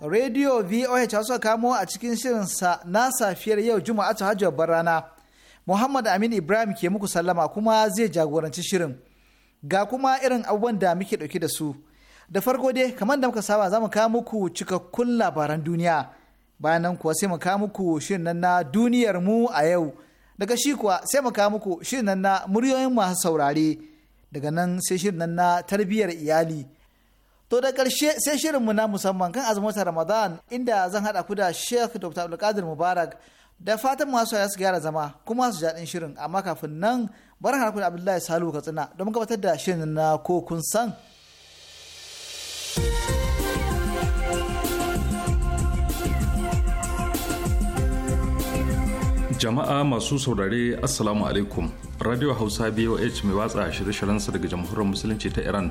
Radio VOH ya kamo a cikin shirin shirinsa na safiyar yau Juma'a ta hajjabar rana. Muhammad Amin Ibrahim ke muku sallama kuma zai jagoranci shirin. Ga kuma irin abubuwan da muke ɗauke da su. Da farko dai kamar da muka saba za mu kawo muku cikakkun labaran duniya. Bayan nan kuwa sai mu kawo muku shirin nan na duniyar mu a yau. Daga shi kuwa sai mu kawo muku shirin nan na muryoyin masu saurare. Daga nan sai shirin nan na tarbiyyar iyali. To da ƙarshe sai shirin mu na musamman kan azumin Ramadan inda zan haɗa ku da Sheikh Dr. Abdulkadir Mubarak da fatan masu ya su gyara zama kuma su jaɗin shirin amma kafin nan bar ku da Abdullahi Salu Katsina don gabatar da shirin na ko kun san. Jama'a masu saurare Assalamu alaikum Radio Hausa BOH mai watsa shirye-shiryensa daga Jamhuriyar Musulunci ta Iran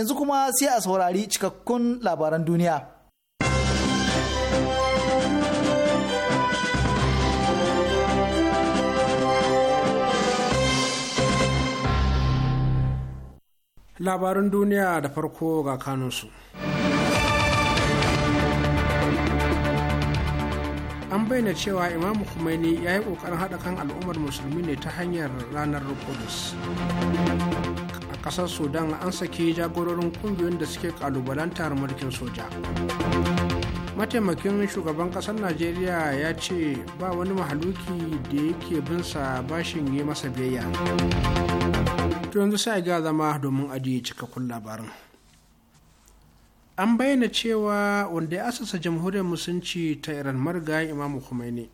yanzu kuma sai a saurari cikakkun labaran duniya. Labarin duniya da farko ga kanunsu. an bayyana cewa Imam Khomeini ya yi ƙoƙarin haɗa kan al'ummar musulmi ne ta hanyar ranar Rukunus. Kasar sudan an saki jagororin kungiyoyin da suke kalubalantar mulkin soja mataimakin shugaban ƙasar najeriya ya ce ba wani mahaluki da yake binsa bashin yi masa biyayya to yanzu sai ga zama domin ajiye cikakkun labarin an bayyana cewa wanda ya asasa jamhuriyar musulunci ta iran marga imamu khomeini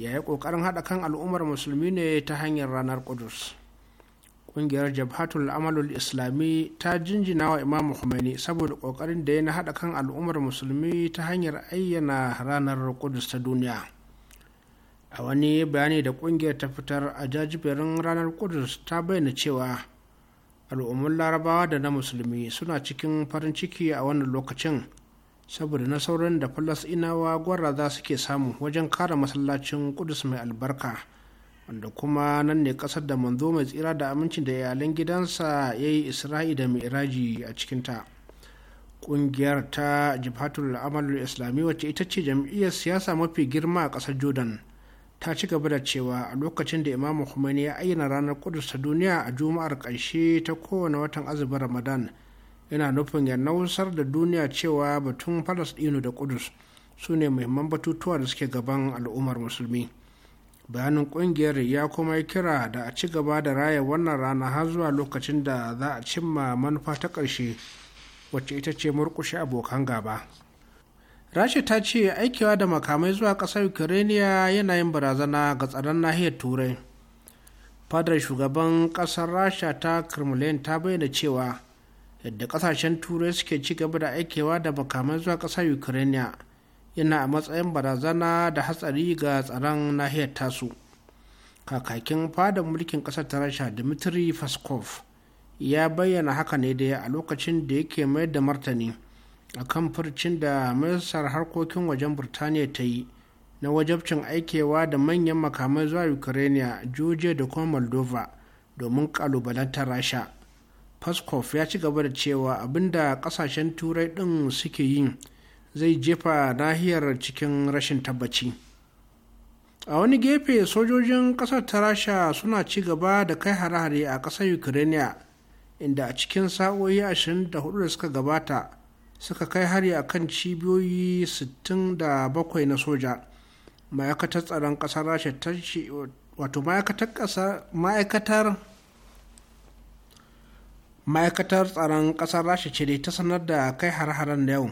ya yi ƙoƙarin haɗa kan al'ummar musulmi ne ta hanyar ranar ƙudus kungiyar jabhatul amalul islami ta jinjina wa imamu khomeini saboda kokarin da ya na haɗa kan al'ummar musulmi ta hanyar ayyana ranar kudus ta duniya a wani bayani da kungiyar ta fitar a jajiberin ranar kudus ta bayyana cewa al'ummar larabawa da na musulmi suna cikin farin ciki a wannan lokacin saboda na sauran da falasinawa za suke samu wajen kare masallacin kudus mai albarka wanda kuma nan ne kasar da manzo mai tsira da amincin da iyalan gidansa ya yi isra'i da mi'raji a cikinta kungiyar ta jihatul amalul islami wacce ita ce jam'iyyar siyasa mafi girma a kasar jordan ta ci gaba da cewa a lokacin da imam khomeini ya ayyana ranar kudus ta duniya a juma'ar karshe ta kowane watan azumin ramadan yana nufin ya nausar da duniya cewa batun falastinu da kudus su ne muhimman batutuwa da suke gaban al'ummar musulmi bayanin kungiyar ya kuma kira da a ci gaba da raya wannan rana har zuwa lokacin da za a cimma manufa ta ƙarshe wacce ita ce murkushe abokan gaba rasha ta ce aikewa da makamai zuwa ƙasar ukraine yana yin barazana ga tsaron nahiyar turai fadar shugaban ƙasar rasha ta kremlin ta bayyana cewa yadda ƙasashen turai suke ci gaba da aikewa da makamai zuwa ƙasar ukraine. yana a matsayin barazana da hatsari ga tsaron nahiyar tasu kakakin fadar mulkin kasar ta rasha dmitry faskov ya bayyana haka ne da a lokacin da yake mayar da martani a kan furcin da masar harkokin wajen burtaniya ta yi na wajabcin aikewa da manyan makamai zuwa ukraine georgia da kuma moldova domin kalubalantar rasha faskov ya ci gaba da cewa abinda kasashen turai din suke yin zai jefa nahiyar cikin rashin tabbaci a wani gefe sojojin kasar ta rasha suna ci gaba da kai hare-hare a kasar ukraine inda a cikin sa'o'i 24 da suka gabata suka kai hari a kan cibiyoyi 67 na soja ma'aikatar tsaron kasar rasha ta wato ma'aikatar ma'aikatar tsaron ƙasar rasha ce ta sanar da kai har-haren da yau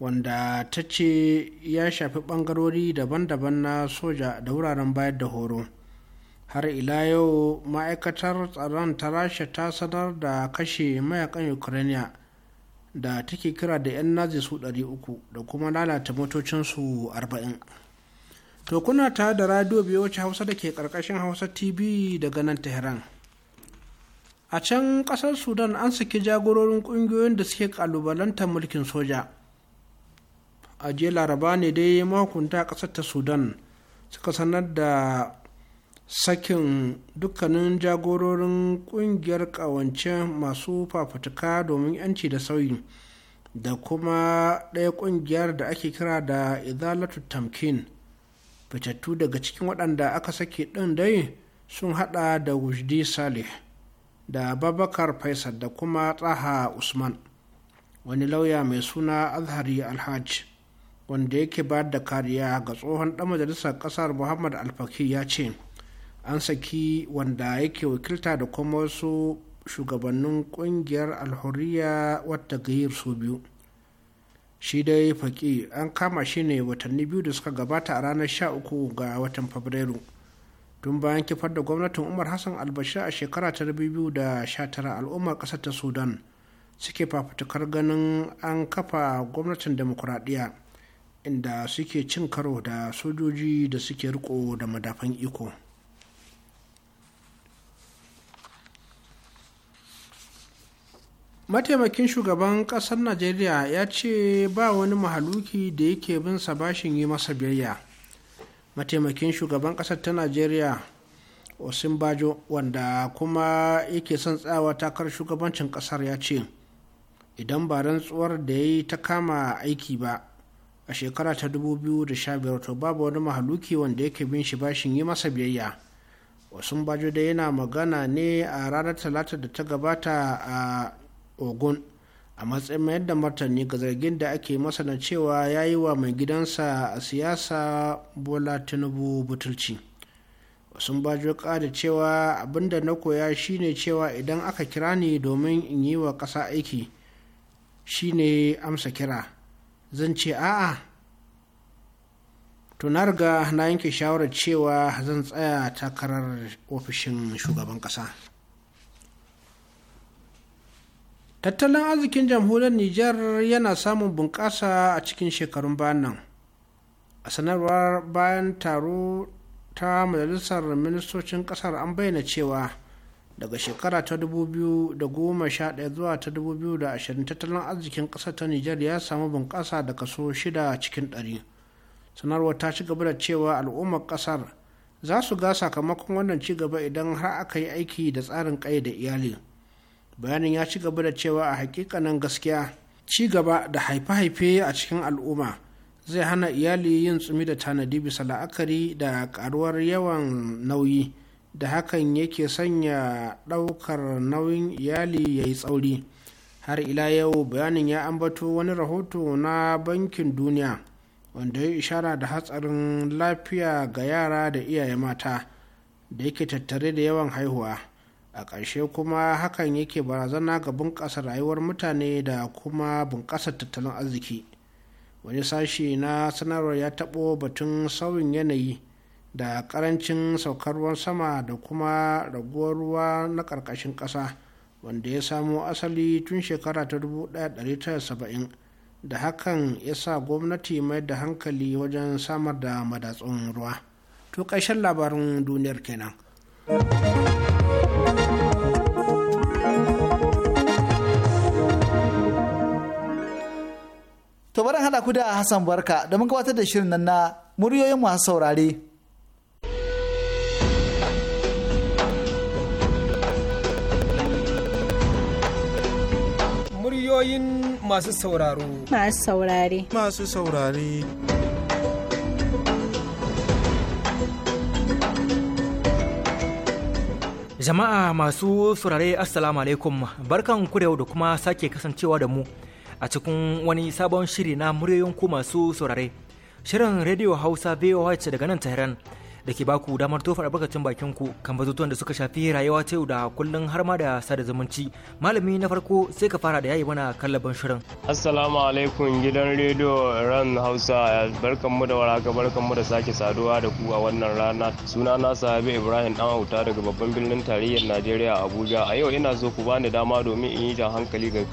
wanda ta ce ya shafi bangarori daban-daban na soja da wuraren bayar da horo har ila yau ma'aikatar tsaron ta rasha ta sanar da kashe mayakan ukraine da take kira da 'yan nazi su 300 da kuma lalata motocinsu 40 to kuna ta da radio biyu wacce hausa da ke karkashin hausa tv daga nan tehran a can kasar sudan an saki jagororin kungiyoyin da suke kalubalantar mulkin soja a jiya laraba ne dai mahukunta ƙasar ta sudan suka sanar da sakin dukkanin jagororin kungiyar ƙawance masu fafutuka domin 'yanci da sauyi da kuma ɗaya ƙungiyar da ake kira da izalatu tamkin fitattu daga cikin waɗanda aka sake ɗin dai sun haɗa da wujdi salih da babakar faisal da kuma tsaha usman wani lauya mai suna azhari alhaji wanda yake ba da kariya ga tsohon ɗan majalisar ƙasar muhammad alfaki ya ce an saki wanda yake wakilta da kuma wasu shugabannin ƙungiyar alhuriya wata gayyar su biyu shi dai faƙi an kama shi ne watanni biyu da suka gabata a ranar sha uku ga watan fabrairu tun bayan kifar da gwamnatin umar hassan albashir a shekara ta 2019 al'ummar ƙasar ta sudan suke fafutukar ganin an kafa gwamnatin demokuraɗiyya inda suke cin karo da sojoji da suke riko da madafan iko mataimakin shugaban kasar najeriya ya ce ba wani mahaluki da yake bin sa bashin yi masa biyayya mataimakin shugaban kasar ta najeriya osinbajo wanda kuma yake son tsawa takar shugabancin kasar ya ce idan ba rantsuwar da ya yi ta kama aiki ba a shekara ta 2015 to babu wani mahaluki wanda yake bin shi bashin yi masa biyayya wasun bajo da yana magana ne a ranar talata da ta gabata a ogun a matsayin mayar da martani ga zargin da ake masa na cewa ya yi wa mai gidansa a siyasa bola tinubu butulci wasun bajo da cewa abinda na koya shine cewa idan aka kira ni domin in yi wa ƙasa aiki shine amsa kira zan ce a'a to na riga na yanke shawarar cewa zan tsaya takarar ofishin shugaban ƙasa tattalin arzikin jamhuriyar Nijar yana samun bunƙasa a cikin shekarun bayan a sanarwar bayan taro ta majalisar ministocin ƙasar an bayyana cewa daga shekara ta 2011 zuwa ta 2020 tattalin arzikin ƙasar ta nijar ya samu bunƙasa da kaso 6 cikin 100 sanarwar ta ci gaba da cewa al'ummar ƙasar za su ga sakamakon wannan ci gaba idan har aka yi aiki da tsarin ƙai da iyali bayanin ya ci gaba da cewa a hakikanin gaskiya ci gaba da haife-haife a cikin al'umma zai hana iyali yin tsumi da tanadi bisa la'akari da karuwar yawan nauyi da hakan yake sanya ɗaukar nauyin iyali ya yi tsauri har ila yau bayanin ya ambato wani rahoto na bankin duniya wanda ya ishara da hatsarin lafiya ga yara da iyaye mata da yake tattare da yawan haihuwa a ƙarshe kuma hakan yake barazana ga bunƙasa rayuwar mutane da kuma bunƙasar tattalin arziki wani sashi na sanarwar ya taɓo batun sauyin yanayi da karancin saukar ruwan sama da kuma raguwar ruwa na ƙarƙashin ƙasa wanda ya samo asali tun shekara ta 1970 da hakan ya sa gwamnati mai da hankali wajen samar da madatsun ruwa to ƙarshen labarin duniyar kenan. To haɗa hada ku da Hassan Barka da mun gabatar da shirin nan na muryoyin masu saurare. Muryoyin masu sauraro. Masu saurare. Masu saurare. Jama'a masu saurare Assalamu alaikum barkan ku da kuma sake kasancewa da mu a cikin wani sabon shiri na muryoyin ku masu saurare. Shirin Radio Hausa VOH daga nan Tehran da ke baku damar tofa albarkacin bakin ku kan batutuwan da suka shafi rayuwa ta yau da kullun har ma da sada zumunci. Malami na farko sai ka fara da yayi mana kallaban shirin. Assalamu alaikum gidan rediyo ran Hausa barkanmu da warhaka mu da sake saduwa da ku a wannan rana. Suna na Sahabi Ibrahim Dan Auta daga babban birnin tarayyar Najeriya Abuja. A yau ina so ku bani dama domin in yi jan hankali ga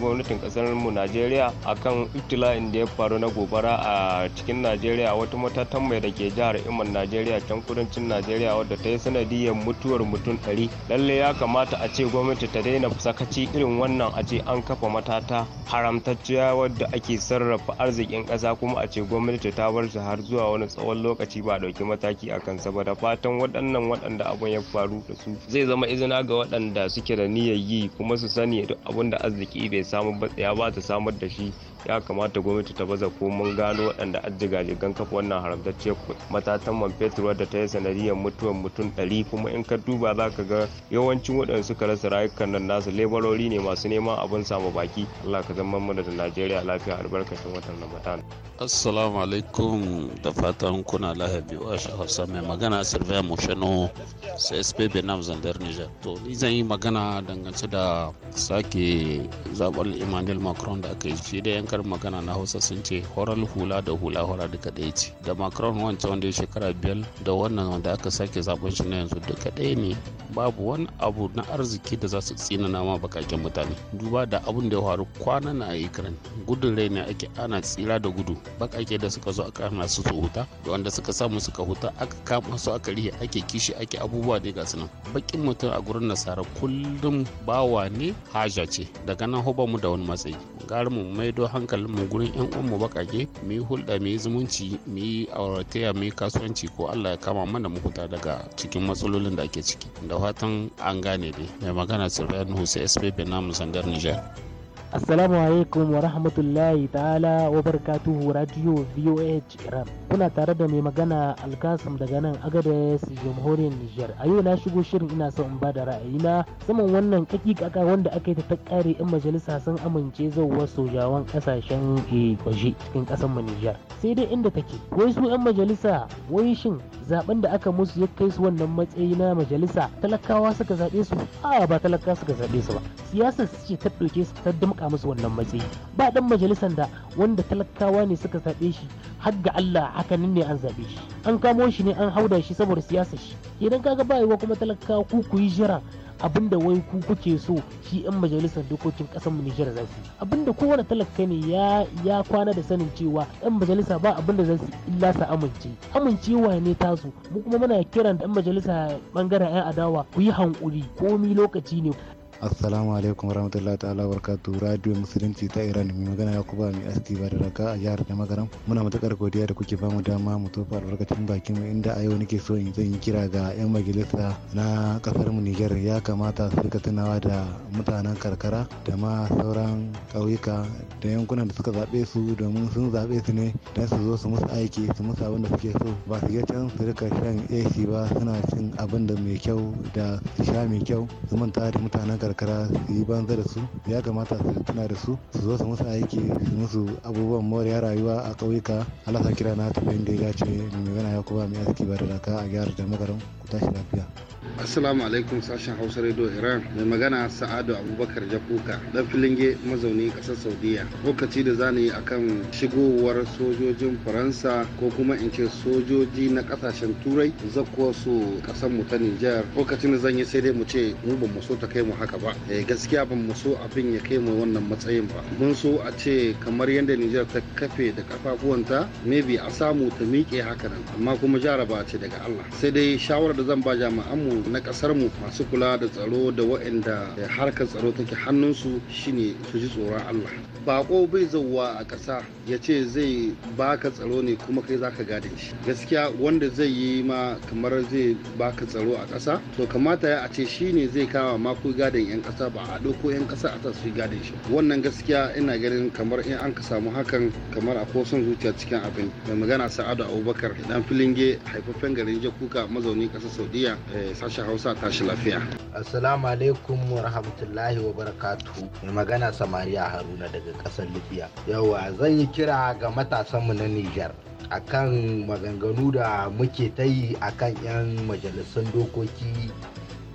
gwamnatin kasar mu Najeriya akan ibtila'in da ya faru na gobara a cikin Najeriya wata mata mai da ke jihar Iman Najeriya Najeriya can kudancin Najeriya wadda ta yi sanadiyar mutuwar mutum ɗari. Lalle ya kamata a ce gwamnati ta daina sakaci irin wannan a ce an kafa matata haramtacciya wadda ake sarrafa arzikin ƙasa kuma a ce gwamnati ta bar shi har zuwa wani tsawon lokaci ba ɗauki mataki a kansa ba da fatan waɗannan waɗanda abin ya faru da su zai zama izina ga waɗanda suke da niyyar yi kuma su sani duk abin da arziki bai samu ba ba ta samar da shi ya kamata gwamnati ta baza mun gano waɗanda addiga-jigan kafa wannan haramtacce matatan man fetur da ta yi sanadiyar mutuwar mutum ɗari kuma in ka duba za ka ga yawancin waɗanda suka rasa rayukan nan nasu lebarori ne masu neman abin samu baki allah ka zama mana da najeriya lafiya albarkacin watan ramadan assalamu alaikum da fatan kuna lahabi wa hausa mai magana sylvain mushano csp benam zandar niger to ni zan yi magana dangance da sake zaɓar emmanuel macron da aka yi shi da yanka bakar magana na hausa sun ce horar hula da hula hora duka ɗaya ce da macron wancan wanda ya shekara biyar da wannan wanda aka sake zaben shi na yanzu duka ɗaya ne babu wani abu na arziki da za su tsinana ma bakaken mutane duba da abun da ya faru kwana na a ukraine gudun rai ne ake ana tsira da gudu bakake da suka zo aka na su huta da wanda suka samu suka huta aka kama su aka rihe ake kishi ake abubuwa dai ga nan bakin mutum a gurin nasara kullum bawa ne haja ce daga nan hobar mu da wani matsayi garin mu maido hankali hankalin mu gurin yan uwan mu bakake mu yi hulɗa mu yi zumunci mu yi aurataya mu yi kasuwanci ko Allah ya kama mana mu huta daga cikin matsalolin da ake ciki da fatan an gane dai mai magana Sirfan Hussein SPP namu sandar Nijar. Assalamu alaikum wa rahmatullahi ta'ala wa barakatuhu Radio VOH Iran. Kuna tare da mai magana Alkasam daga nan Agadez Jamhuriyar Nijar. A yau na shigo shirin ina son in da ra'ayina saman wannan kakikaka wanda aka yi ta kare in majalisa sun amince zauwa sojawan kasashen eh, waje cikin kasan mu Nijar. Sai dai inda take. Wai su yan majalisa wai shin zaben da aka musu ya kai su wannan matsayi na majalisa talakawa suka zaɓe su? A'a ba talakawa suka zaɓe su ba. Siyasar su ce ta ɗauke su ta dumka danka musu wannan matsayi ba dan majalisar da wanda talakawa ne suka zaɓe shi har ga Allah hakanin ne an zaɓe shi an kamo shi ne an hauda shi saboda siyasa shi idan kaga ba yiwa kuma talakawa ku ku yi jira abinda wai ku kuke so shi yan majalisar dokokin kasar mu Nijar za su abinda kowane talaka ne ya ya kwana da sanin cewa yan majalisa ba abinda za su illa su amince amincewa ne tasu mu kuma muna kiran yan majalisa bangaren yan adawa ku yi hankuri komi lokaci ne assalamu alaikum warahmatullahi ta'ala barkatu radio musulunci ta iran mai magana ya kuba mai aski ba da raka a jihar da magaram muna matukar godiya da kuke bamu dama mu tofa albarkacin bakin mu inda a yau nake so in zan yi kira ga yan majalisa na kasar mu niger ya kamata su rika tunawa da mutanen karkara da ma sauran ƙauyuka da yankunan da suka zaɓe su domin sun zaɓe su ne don su zo su musu aiki su musu abin da suke so ba su can su rika shan ac ba suna cin abin da mai kyau da sha mai kyau su manta da mutanen karkara su yi banza da su ya kamata su tuna da su su zo su musu aiki su musu abubuwan moriya rayuwa a ƙauyuka sa kira na bayan da ya ce mai gana ya kuma mai aski ba da raka a gyara da makaran ku tashi lafiya. Assalamu alaikum sashen Hausa Radio Iran mai magana Sa'adu Abubakar Jakuka dan filinge mazauni kasar Saudiya lokaci da zani a akan shigowar sojojin Faransa ko kuma in ce sojoji na kasashen Turai zakuwa su kasar mu ta Nijar lokacin da zan yi sai dai mu ce mu ba mu so ta kai mu haka haka ba eh, gaskiya ban mu so abin ya kai mu wannan matsayin ba mun so a ce kamar yadda Nijar ta kafe da kafafuwanta maybe a samu ta miƙe haka nan amma kuma jaraba ce daga Allah sai dai shawarar da zan ba jami'an mu na kasar mu masu kula da tsaro da waɗanda harkar tsaro take hannunsu shine su ji tsoron Allah bako bai zauwa a ƙasa ya ce zai baka tsaro ne kuma kai zaka gadin shi gaskiya wanda zai yi ma kamar zai baka tsaro a ƙasa to kamata ya a ce shine zai kama mako gadin yan kasa ba a ɗauko yan kasa a tasiri gadin shi wannan gaskiya ina ganin kamar in an ka samu hakan kamar a son zuciya cikin abin mai magana sa'adu abubakar dan filinge haifafen garin jakuka mazaunin ƙasar saudiya eh, sashen hausa tashi lafiya assalamu alaikum wa rahmatullahi wa barakatuhu mai magana samariya haruna daga ƙasar libya yawa zan yi kira ga matasanmu na niger akan maganganu da muke ta yi akan 'yan majalisun dokoki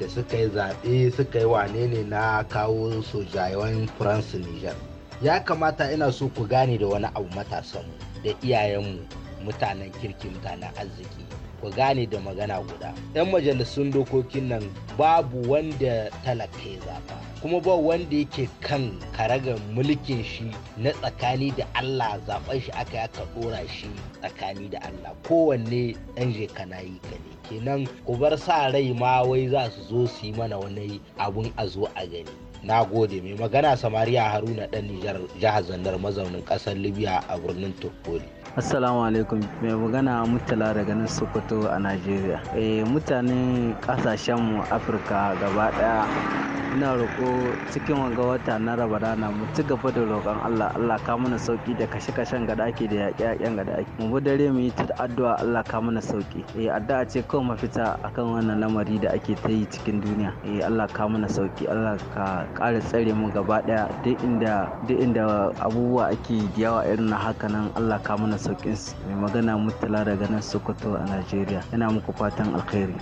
da suka yi zaɓe suka yi wane ne na kawo sojayen france Nijar? ya kamata ina so ku gane da wani abu matasanmu da iyayenmu mutanen kirki mutanen arziki ku gane da magana guda yan majalisun dokokin nan babu wanda talaka ya zaba kuma ba wanda yake kan karagar mulkin shi na tsakani da allah zaɓen shi aka aka ɗora shi tsakani da allah kowanne ɗan je kana yi ka ne kenan ku bar sa rai ma wai za su zo su yi mana wani abun a zo a gani na gode mai magana samariya haruna ɗan nijar jihar zandar mazaunin ƙasar libya a birnin turkoli assalamu alaikum mai magana mutala daga nan sokoto a najeriya e, eh, mutanen kasashenmu afirka gaba daya ina roƙo cikin wanga wata na raba rana mu ci gaba da roƙon allah allah ka mana sauki da kashe kashen ga ake da yaƙe yaƙen ga ake mu dare mu yi ta addu'a allah ka mana sauki eh addu'a ce kawai mafita akan wannan lamari da ake ta yi cikin duniya eh allah ka mana sauki allah ka ƙara tsare mu gaba daya duk inda duk inda abubuwa ake yawa irin na haka nan allah ka mana sauƙin mai magana talla daga nan sokoto a najeriya yana muku fatan alkhairi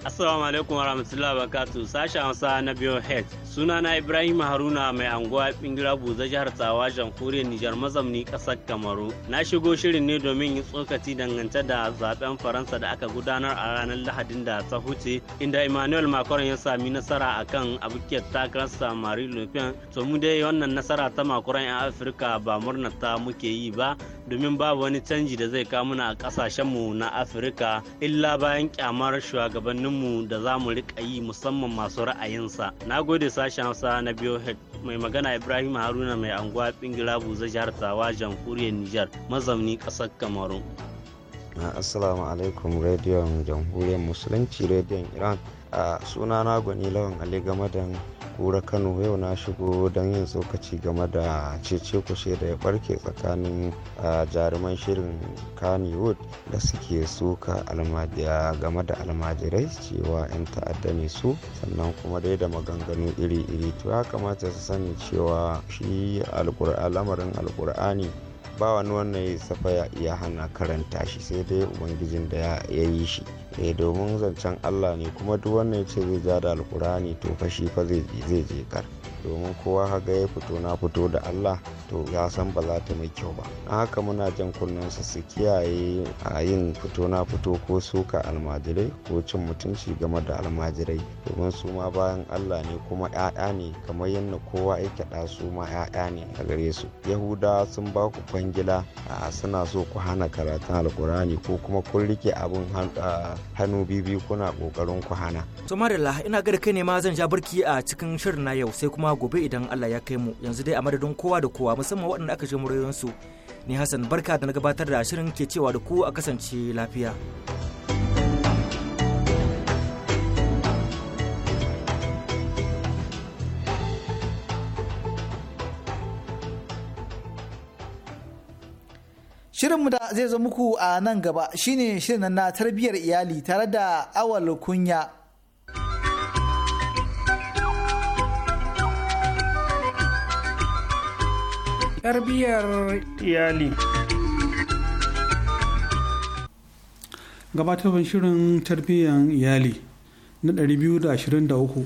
Assalamu alaikum wa wabarakatuh sashen Hausa na biyo Head. Suna na Ibrahim Haruna mai anguwa bingira buza jihar Tsawa jamhuriyar Nijar mazamni kasar Kamaru. Na shigo shirin ne domin yin tsokaci dangance da zaben Faransa da aka gudanar a ranar Lahadin da ta huce inda Emmanuel Macron ya sami nasara akan abokiyar takararsa Marie Le Pen. To mu dai wannan nasara ta Macron 'yan Afirka ba murnar ta muke yi ba domin babu wani canji da zai kawo mana a kasashenmu na Afirka illa bayan kyamar shugabannin mu da za mu riƙa yi musamman masu ra'ayinsa na gode sashen hausa na biyo mai magana ibrahim haruna mai anguwa bingila buza jihar tawa jamhuriyar nijar mazauni ƙasar kamaru ah, assalamu alaikum rediyon jamhuriyar musulunci rediyon iran a ah, na gwani lawan ali game da kura kano yau na shigo don yin tsokaci game da cece kushe da ya barke tsakanin jaruman shirin kannywood da suke suka almajiya game da almajirai cewa 'yan ta'adda ne su sannan kuma dai da maganganu iri-iri to ya kamata su sani cewa shi lamarin alkur'ani ba wani wannan ya safa ya hana karanta shi sai dai ubangijin da ya yi shi eh domin zancen allah ne kuma duk wannan ya ce zai ja da alkurani to fashi shi fa zai je kar domin kowa haga ya fito na fito da allah to ya san ba za ta mai kyau ba a haka muna jan kunnensu su kiyaye a yin fito na fito ko suka almajirai ko cin mutunci game da almajirai domin su ma bayan allah ne kuma 'ya'ya ne kamar yadda kowa ya ɗa su ma 'ya'ya ne a gare su yahuda sun ba ku kwangila a suna so ku hana karatun alkurani ko kuma kun rike abin hannu bibi kuna kokarin ku hana to ina ga kai ne ma zan ja barki a cikin shirin na yau sai kuma gobe idan Allah ya kai mu yanzu dai a madadin kowa da kowa musamman waɗanda aka je su ni Hassan barka da na gabatar da shirin ke cewa da ku a kasance lafiya. Shirinmu da zai zo muku a nan gaba shine shirin na tarbiyyar iyali tare da awal kunya tarbiyyar iyali gabatarwar shirin tarbiyyar iyali na 223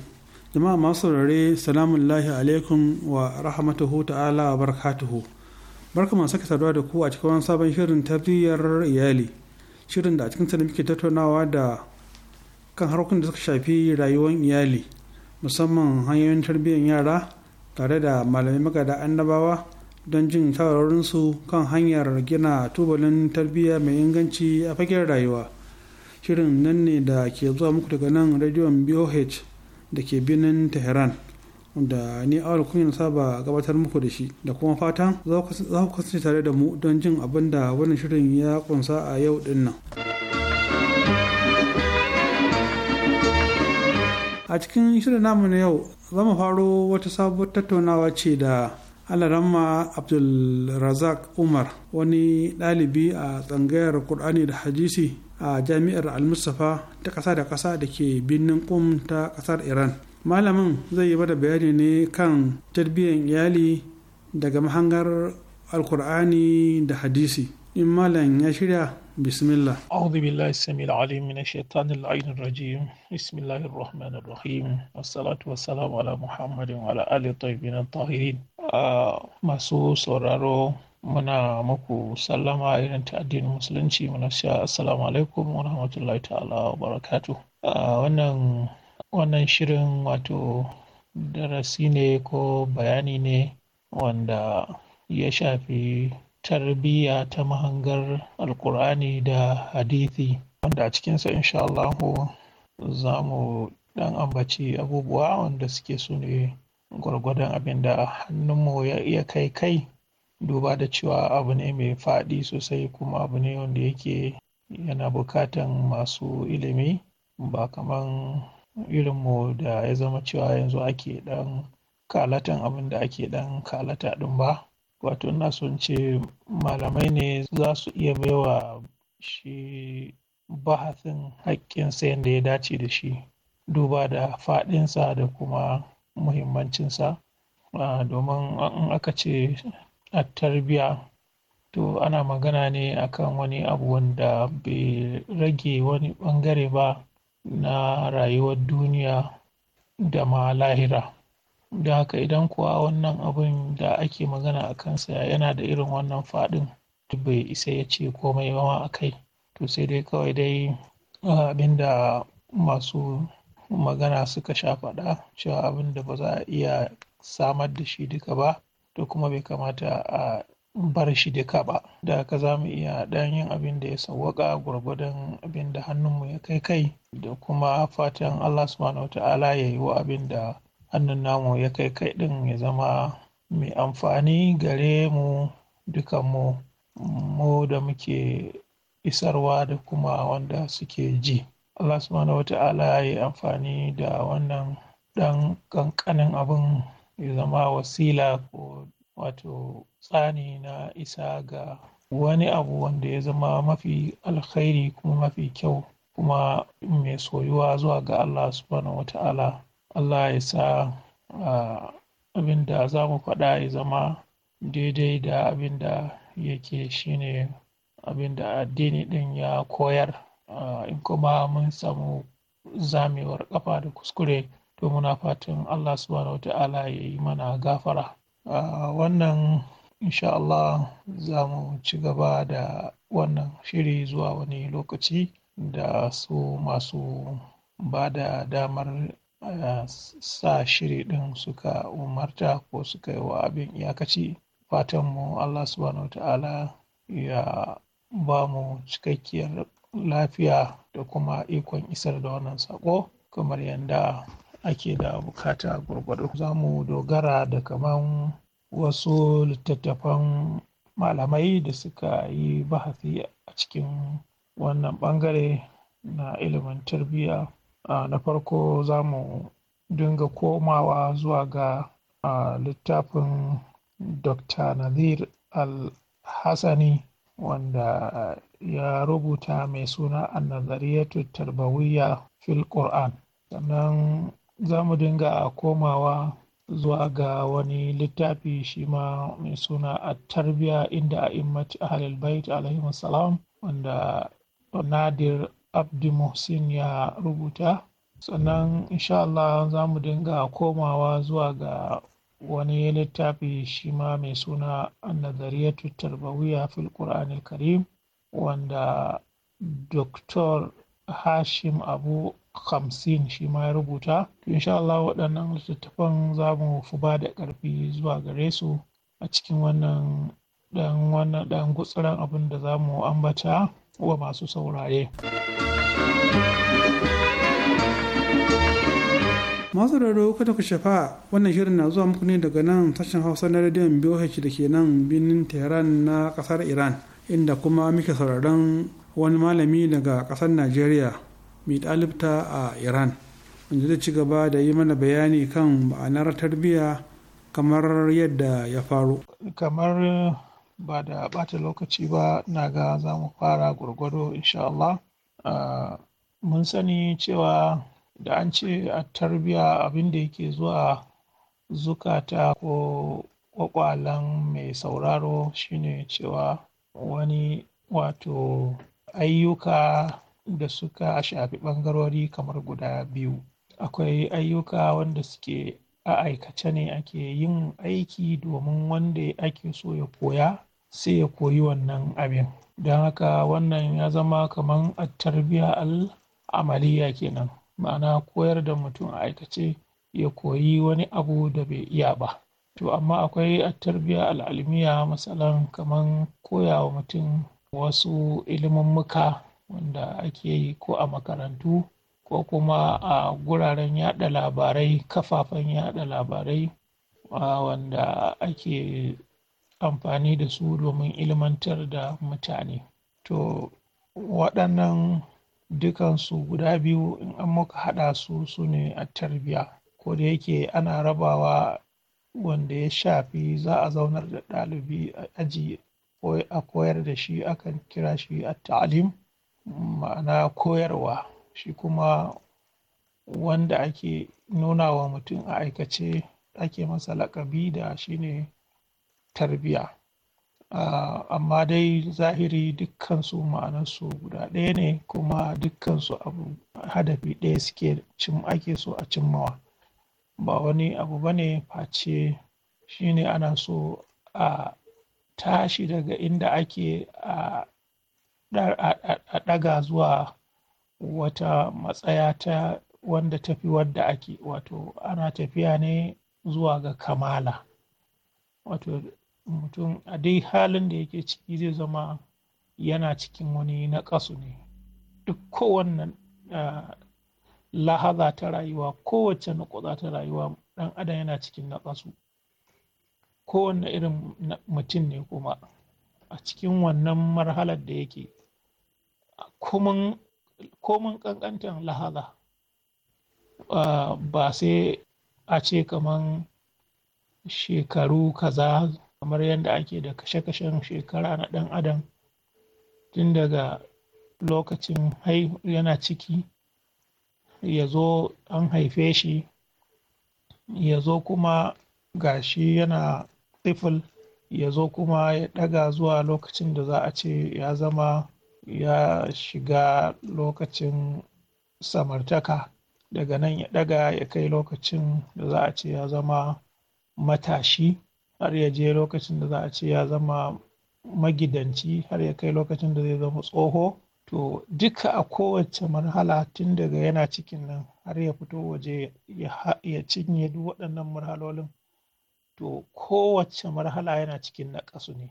jama'a masu rare salamun lahi alaikum wa rahmatuhu ta'ala wa barakatuhu barka masu saka saduwa da ku a cikin sabon shirin tarbiyyar iyali shirin da a cikin muke tattaunawa da kan harkokin da suka shafi rayuwar iyali musamman hanyoyin tarbiyyar yara tare da malamai magada annabawa don jin shawararinsu kan hanyar gina tubalin tarbiyya mai inganci a fagen rayuwa shirin nan ne da ke zuwa muku daga nan rediyon boh da ke binin tehran da ni awal kunyar saba gabatar muku da shi da kuma fatan za ku kasance tare da mu don jin abin da wannan shirin ya kunsa a yau din nan a cikin shirin namu na yau za mu faro wata sabuwar tattaunawa ce da alaramma abdulrazak umar wani ɗalibi a tsangayar kur'ani da hadisi a jami'ar Al-Mustapha ta ƙasa da ƙasa da ke birnin kum ta ƙasar iran malamin zai yi bada bayani ne kan tarbiyyar iyali daga mahangar alkur'ani da hadisi in malam ya shirya bismillah a'udhu billahi samil alim min shaitanir la'inir rajim bismillahir rahmanir rahim wassalatu wassalamu ala muhammadin wa ala alihi tayyibin tahirin A masu sauraro muna muku sallama irin ta addinin musulunci muna cewa assalamu alaikum wa rahmatullahi ta'ala wa barakatu wannan wannan shirin wato darasi ne ko bayani ne wanda ya shafi tarbiyya ta mahangar alkur'ani da hadithi wanda a cikinsa insha za mu dan ambaci abubuwa wanda suke su ne gwargwadon abin da hannunmu ya iya kai kai duba da cewa abu ne mai faɗi sosai kuma abu ne wanda yake yana bukatan masu ilimi ba kaman irinmu da ya zama cewa yanzu ake ɗan kalatan abin da ake ɗan kalata ɗin ba wato ina son ce malamai ne za su iya baiwa shi bahasin sayan da ya dace da shi duba da faɗinsa da kuma muhimmancinsa domin in aka ce a tarbiya to ana magana ne akan wani abu wanda bai rage wani bangare ba na rayuwar duniya da ma lahira da haka idan kuwa wannan abun da ake magana a kansa yana da irin wannan faɗin bai isa ya ce komai ba ma a kai to sai dai kawai dai abin da masu magana suka sha faɗa cewa abin da ba za a iya samar da shi duka ba to kuma bai kamata a bar shi duka ba da ka za mu iya ɗan yin abin da ya sawwaka gwargwadon abin da hannunmu ya kai kai da kuma fatan allah subhanahu ta'ala ya yi wa abin da hannun namu ya kai kai ɗin ya zama mai amfani gare mu dukanmu mu da muke isarwa da kuma wanda suke ji Allah subhanahu wata'ala ya yi amfani da wannan ɗan ƙanƙanin abin ya zama wasila ko wato tsani na isa ga wani abu wanda ya zama mafi alkhairi kuma mafi kyau kuma mai soyuwa zuwa ga Allah subhanahu wata'ala Allah ya sa abin da za mu faɗa ya zama daidai da abin da yake shine abin da addini ɗin ya koyar in kuma mun samu zamewar kafa da kuskure to muna fatan Allah subhanahu wata'ala ya yi mana gafara wannan insha Allah za mu ci gaba da wannan shiri zuwa wani lokaci da su masu ba da damar sa shiri ɗin suka umarta ko suka yi wa abin iyakaci fatanmu Allah subhanahu wata'ala ya ba mu cikakkiyar lafiya da kuma ikon isar da wannan sako kamar yadda ake da bukata gwargwado za mu dogara da kaman wasu littattafan malamai da suka yi bahasi a cikin wannan bangare na ilimin tarbiyya na farko za mu dinga komawa zuwa ga littafin dr nazir al-hassani wanda uh, ya rubuta mai suna annazariyatu tarbawiyya fil qur'an sannan za mu dinga komawa zuwa ga wani littafi shi ma mai suna a tarbiya inda a a ahlul bait salam wanda nadir abdi muhsin ya rubuta sannan insha Allah za mu dinga komawa zuwa ga wani littafi shi ma mai suna nazariyatu tarbawiya fil qur'anil karim wanda dr hashim abu hamsin shi ma ya rubuta insha Allah waɗannan littattafan za mu fi ba da ƙarfi zuwa gare su a cikin wannan dan wannan dan gutsiran abin da za mu ambata wa masu saurare. masu raro kada ku shafa wannan shirin na zuwa muku ne daga nan sashen hausa na rediyon BOH da ke nan birnin tehran na kasar iran inda kuma muke sauraron wani malami daga kasar najeriya mai dalibta a iran wanda zai ci gaba da yi mana bayani kan ma'anar tarbiyya kamar yadda ya faru kamar ba da bata lokaci ba na ga za mu fara gwargwado insha Allah ah, mun sani cewa da an ce a tarbiya abin da yake zuwa zukata ko kwakwalan mai sauraro shine cewa wani wato ayyuka da suka shafi ɓangarori kamar guda biyu akwai ayyuka wanda suke a aikace ne ake yin aiki domin wanda ake so ya koya sai ya koyi wannan abin don haka wannan ya zama kamar a tarbiya al'amaliya kenan ma'ana koyar da mutum a aikace ya koyi wani abu da bai iya ba to amma akwai a tarbiyya al'almiya masalan kamar koya wa mutum wasu muka wanda ake yi ko a makarantu ko kuma a guraren yada labarai kafafen yada labarai wanda ake amfani da su domin ilmantar da mutane to waɗannan dukansu guda biyu in an muka haɗa su su ne a tarbiya ko da yake ana rabawa wanda ya shafi za a zaunar da ɗalibi a aji a koyar da shi akan kira shi a ta'alim ma'ana koyarwa shi kuma wanda ake nuna wa mutum a aikace ake masa lakabi da shine tarbiya amma dai zahiri dukkansu ma'anarsu guda ɗaya ne kuma dukkansu abu hadafi ɗaya suke cin ake so a cimmawa ba wani abu ba ne face shi ne ana so a tashi daga inda ake a ɗaga zuwa wata matsaya ta wanda tafi wadda ake wato ana tafiya ne zuwa ga kamala wato mutum a dai halin da yake ciki zai zama yana cikin wani naƙasu ne duk kowannan lahaza ta rayuwa kowace naƙuda ta rayuwa ɗan adam yana cikin ƙasu kowanne irin mutum ne kuma a cikin wannan marhalar da yake komin ƙanƙantar lahaza ba sai a ce kaman shekaru kaza kamar yadda ake da kashe-kashen shekara na ɗan adam tun daga lokacin yana ciki ya zo an haife shi ya zo kuma gashi yana tsifil, ya zo kuma ya ɗaga zuwa lokacin da za a ce ya zama ya shiga lokacin samartaka daga nan ya ɗaga ya kai lokacin da za a ce ya zama matashi har ya je lokacin da za a ce ya zama magidanci har ya kai lokacin da zai zama tsoho to duka a kowace marhala tun daga yana cikin nan har ya fito waje ya cinye duk waɗannan marhalolin to kowace marhala yana cikin naƙasu ne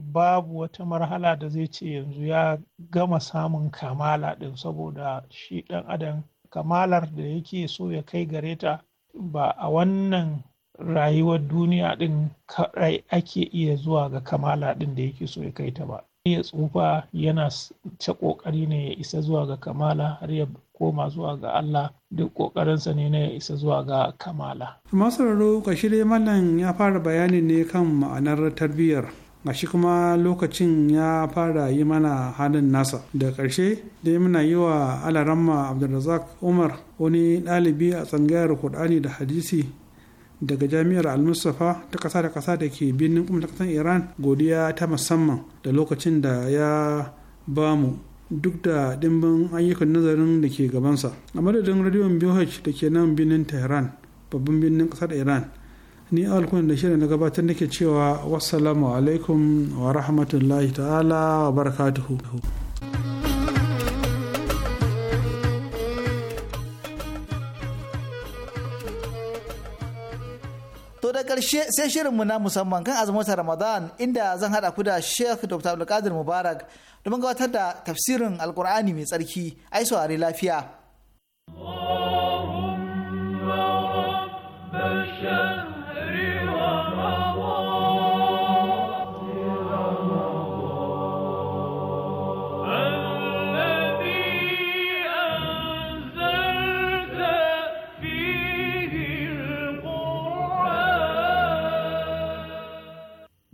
babu wata marhala da zai ce yanzu ya gama samun kamala ɗin saboda shi ɗan adam kamalar da yake so ya kai gareta ba a wannan rayuwar duniya ɗin kaɗai ake iya zuwa ga kamala ɗin da yake so ya kai ta ba ya tsufa yana ta ƙoƙari ne ya isa zuwa ga kamala har ya koma zuwa ga Allah duk ƙoƙarinsa ne na ya isa zuwa ga kamala. Masararo gashi dai mallan ya fara bayani ne kan ma'anar tarbiyyar gashi kuma lokacin ya fara yi mana halin nasa da ƙarshe dai muna yi wa alaramma abdulrazak umar wani ɗalibi a tsangayar kur'ani da hadisi daga jami'ar almustafa ta kasa da kasa da ke birnin kuma ta iran godiya ta musamman da lokacin da ya ba mu duk da dimbin ayyukan nazarin da ke gabansa a madadin radiyon bh da ke nan birnin tehran babban birnin da iran ni alkun da shirin na gabatar nake cewa wassalamu alaikum wa rahmatullahi ta'ala wa barakatuhu ƙarshe sai mu na musamman kan azumin watan Ramadan inda zan hada ku da Sheikh Dr. Abdulkadir Mubarak domin gabatar da tafsirin alkur'ani mai tsarki ai saurari lafiya. Allahumma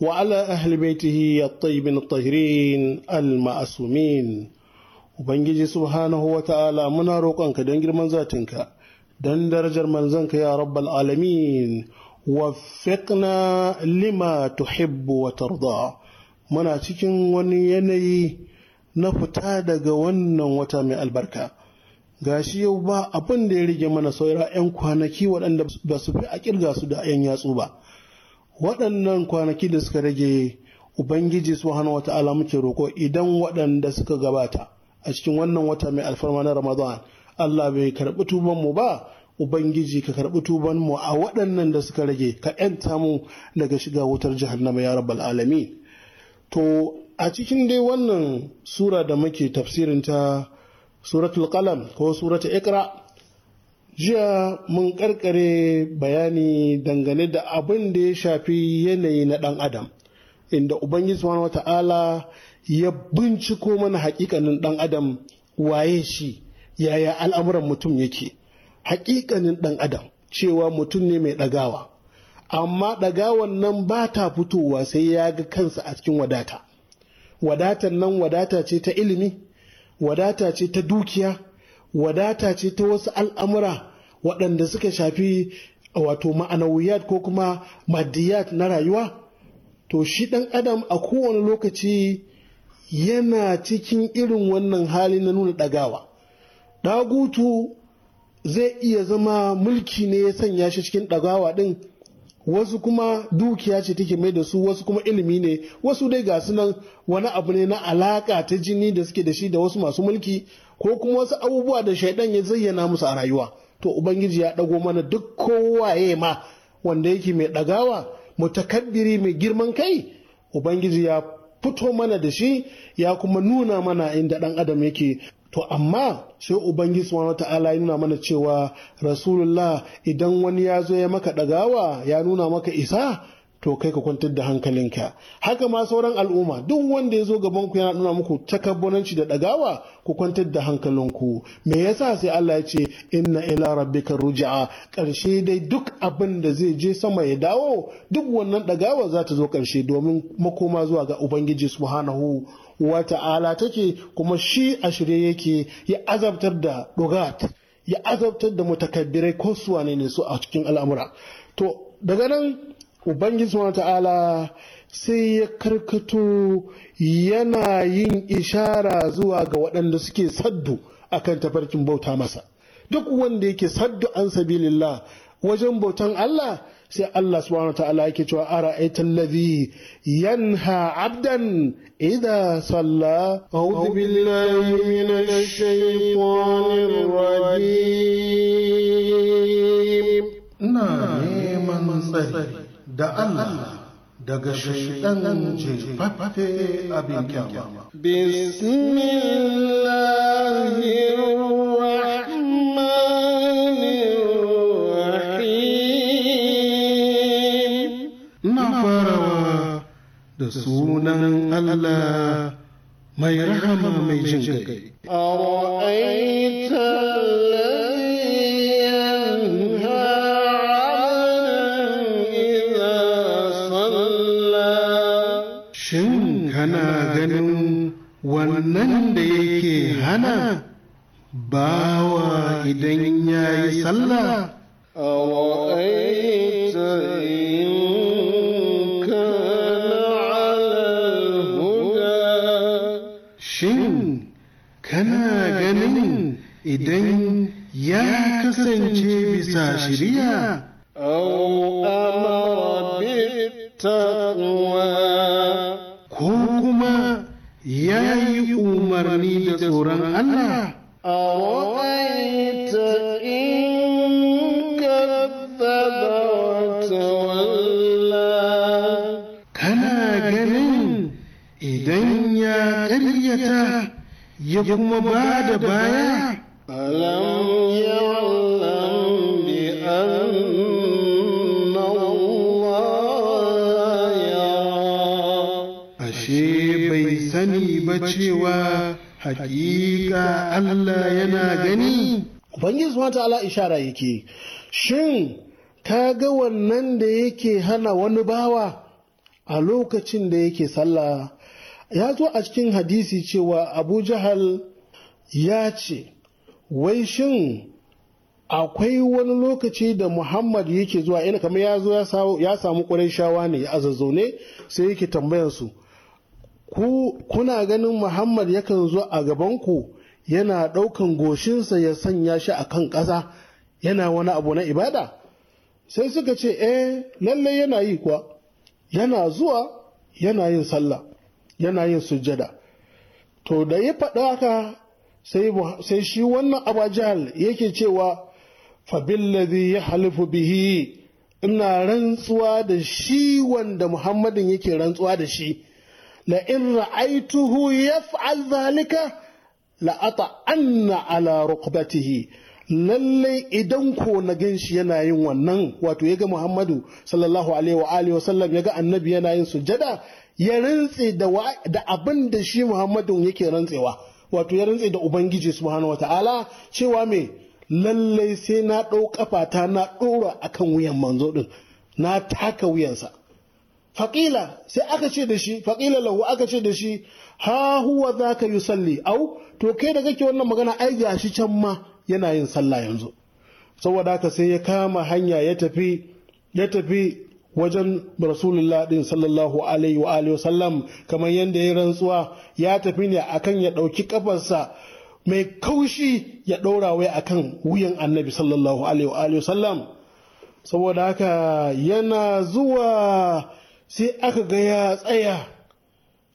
وعلى أهل بيته الطيبين الطاهرين المعصومين Ubangiji subhanahu wa ta'ala muna roƙonka don girman zatinka, Dan darajar manzanka ya rabbal alamin, waffiqna lima tuhibbu wa tarda. Muna cikin wani yanayi na fita daga wannan wata mai albarka. Gashi yau ba abin da ya rige mana saura ‘yan kwanaki waɗanda ba su fi a ƙirga su da ‘yan yatsu ba. waɗannan kwanaki da suka rage ubangiji subhanahu ta'ala muke roko idan waɗanda suka gabata a cikin wannan wata mai alfarma na ramadan allah bai karɓi tuban mu ba ubangiji ka karɓi tuban mu a waɗannan da suka rage ka ‘yanta mu daga shiga wutar jahannama ya rabbal alamin to a cikin dai wannan sura da muke tafsirinta ta suratul qalam ko surata ikra jiya mun karkare bayani dangane da abin da ya shafi yanayi na ɗan adam inda ubangiji subhanahu wata'ala ya binciko mana hakikanin ɗan adam waye shi yaya al'amuran mutum yake hakikanin ɗan adam cewa mutum ne mai ɗagawa amma ɗagawan nan ba ta fitowa sai ya ga kansa a cikin wadata wadatan nan wadata ce ta ilimi wadata ce ta dukiya wadata ce ta wasu al'amura waɗanda suka shafi wato ma'anawiyat ko kuma madiyat na rayuwa to shi ɗan adam a kowane lokaci yana cikin irin wannan hali na nuna ɗagawa ɗagutu zai iya zama mulki ne ya sanya shi cikin ɗagawa ɗin wasu kuma dukiya ce take mai da su wasu kuma ilimi ne wasu dai ga nan wani abu ne na alaka ta jini da suke da shi da wasu masu mulki ko kuma wasu abubuwa da shaidan ya zayyana musu a rayuwa to ubangiji ya dago mana duk kowaye ma wanda yake mai dagawa mutakabbiri mai girman kai ubangiji ya fito mana da shi ya kuma nuna mana inda dan adam yake To amma sai Ubangiji subhanahu ta'ala ya nuna mana cewa Rasulullah idan wani ya zo ya maka ɗagawa ya nuna maka isa to kai ka kwantar da hankalinka haka ma sauran al'umma duk wanda ya zo gaban ku yana nuna muku takabbonanci da ɗagawa ku kwantar da hankalinku me yasa sai Allah ya ce inna ila rabbika ruj'a ƙarshe dai duk abin da zai je sama ya dawo duk wannan ɗagawa za ta zo karshe domin makoma zuwa ga ubangiji subhanahu Wata'ala take kuma shi a shirye yake ya azabtar da dogat ya azabtar da mutakabbirai ko su wane ne su a cikin al'amura to daga nan ubangiji wata'ala ta'ala sai ya karkato yana yin ishara zuwa ga waɗanda suke saddu a kan tafarkin bauta masa duk wanda yake saddu an sabilillah wajen bautan Allah sai Allah subhanahu wa ta'ala yake cewa ara ara'aita allazi yanha abdan idha salla a'udhu billahi minash shaytanir rajim ina neman tsari da Allah daga shaitan jefaffe abin kyama bismillahir rahim da sunan Allah mai rahama mai jin kai. Shin kana ganin wannan da yake hana bawa idan ya yi sallah? shirya ko kuma ya yi umarni da tsoron Allah ganin idan ya ƙaryata ya kuma ba da baya Allah yana gani Ubangiji subhanahu ta'ala ishara yake shin ta ga wannan da yake hana wani bawa a lokacin da yake sallah ya zo a cikin hadisi cewa Abu Jahal ya ce wai shin akwai wani lokaci da Muhammad yake zuwa ina kamar ya zo ya samu shawa ne a ne sai yake tambayansu. su ku kuna ganin Muhammad yakan zo a gabanku yana ɗaukan goshinsa ya sanya shi a kan ƙasa yana wani abu na ibada sai suka ce eh lalle yana yi kuwa yana zuwa yana yin sallah yana yin sujada. to da ya faɗa haka sai shi wannan abajal yake cewa fabillazi ya halifu bihi ina rantsuwa da shi wanda muhammadin yake rantsuwa da shi la in ra'aituhu yaf'al zalika la'ata anna ala rukbatihi lallai idan ko na gan shi yana yin wannan wato ya ga Muhammadu sallallahu alaihi wa alihi wasallam ya ga annabi yana yin sujada ya rantse da da abin da shi Muhammadun yake rantsewa wato ya rantse da ubangiji subhanahu ta'ala, cewa me lallai sai na ɗau kafata na ɗora akan wuyan manzo din na taka wuyansa faƙila sai aka ce da shi faƙila lahu aka ce da shi ha huwa yi salli au to kai da kake wannan magana ai shi can ma yana yin sallah yanzu saboda haka sai ya kama hanya ya tafi ya tafi wajen rasulullah din sallallahu alaihi wa alihi wasallam kamar yadda ya rantsuwa ya tafi ne akan ya ɗauki kafarsa mai kaushi ya ɗora wai akan wuyan annabi sallallahu alaihi wa alihi wasallam saboda haka yana zuwa sai aka ga ya tsaya